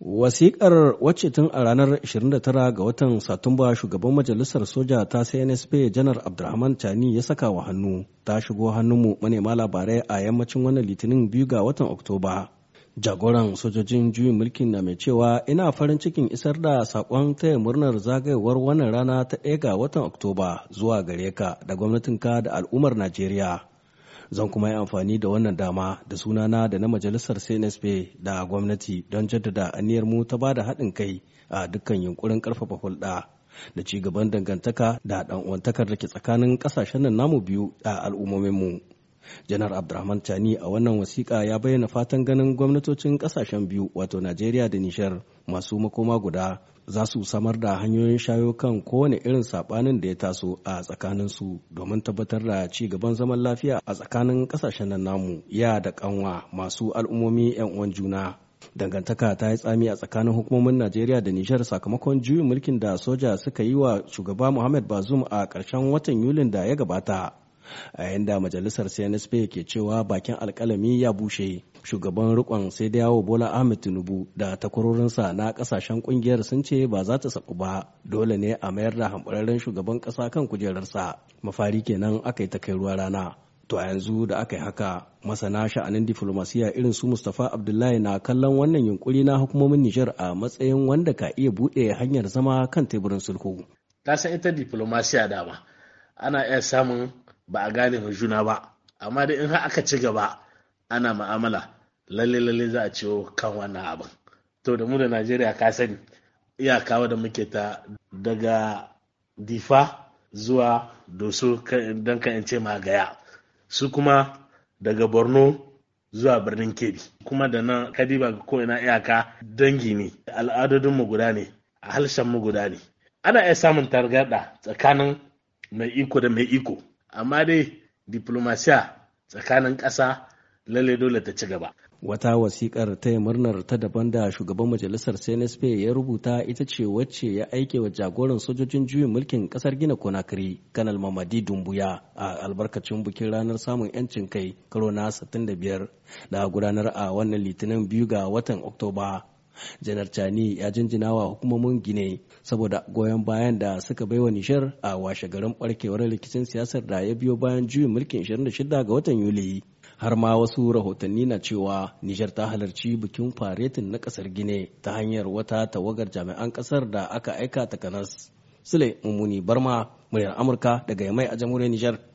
Wasiƙar wacce tun a ranar 29 ga watan Satumba shugaban majalisar soja ta CNSP janar Abdulrahman Tani ya saka wa hannu ta shigo hannunmu manema labarai a yammacin wannan litinin biyu ga watan Oktoba. Jagoran sojojin juyin mulkin na mai cewa ina farin cikin isar da saƙon taya murnar zagayowar wannan rana ta ɗaya ga watan Oktoba zuwa gare ka da gwamnatinka da al'ummar Najeriya. zan kuma yi amfani da wannan dama da sunana da na majalisar cnsp da gwamnati don jaddada aniyar mu ta bada haɗin kai a dukkan yunkurin ƙarfafa hulɗa da ci gaban dangantaka da ɗan'uwantakar da ke tsakanin ƙasashen nan namu biyu a al'ummominmu. mu janar Abdulrahman tani a wannan wasiƙa ya bayyana fatan ganin gwamnatocin ƙasashen biyu wato najeriya da nishar masu makoma guda za su samar da hanyoyin shayo kan kowane irin saɓanin da ya taso a tsakaninsu domin tabbatar da ci gaban zaman lafiya a tsakanin ƙasashen nan namu ya da kanwa masu al'ummomi 'yan uwan juna dangantaka ta yi tsami a tsakanin hukumomin najeriya da nishar sakamakon juyin mulkin da soja suka yi wa shugaba muhammad bazum a ƙarshen watan yulin da ya gabata a yayin da majalisar CNSP ke cewa bakin alkalami ya bushe. Shugaban rikon sai da yawo Bola Ahmed Tinubu da takwarorinsa na kasashen kungiyar sun ce ba za ta sabu ba dole ne a mayar da hamburaren shugaban kasa kan kujerarsa. Mafari kenan aka yi ta kai ruwa rana. To a yanzu da aka yi haka masana sha'anin diflomasiya irin su Mustapha Abdullahi na kallon wannan yunkuri na hukumomin Nijar a matsayin wanda ka iya buɗe hanyar zama kan teburin sulhu. Ta san ita diflomasiya dama ana iya samun ba a gane ma juna ba amma dai in har aka ci gaba ana ma'amala lalle lalle za a ciwo kan wannan abin to da mu da najeriya ka sani iyaka da muke ta daga difa zuwa doso don ka in ce magaya su kuma daga borno zuwa birnin kebbi kuma da nan kadiba ga ko'ina iyaka dangi ne al'adodinmu guda ne a mu guda ne ana iya samun targaɗa tsakanin mai iko da mai iko amma dai diplomasiya tsakanin ƙasa lalle dole ta ci gaba wata wasikar taya murnar ta daban da shugaban majalisar cnsp ya rubuta ita ce wacce ya aike wa jagoran sojojin juyin mulkin ƙasar gina konakiri kanal mamadi dumbuya a albarkacin bukin ranar samun yancin kai karo na 65 da gudanar a wannan litinin biyu ga watan oktoba janar cani ya jinjina wa hukumomin gine saboda goyon bayan da suka baiwa nishar a washe garin barkewar rikicin siyasar da ya biyo bayan juyin mulkin 26 ga watan yuli har ma wasu rahotanni na cewa Nijar ta halarci bikin faretin na kasar Gine ta hanyar wata tawagar jami'an kasar da aka aika ta kanas. Sule Mummuni Barma, muryar Amurka daga Yamai a jamhuriyar Nijar.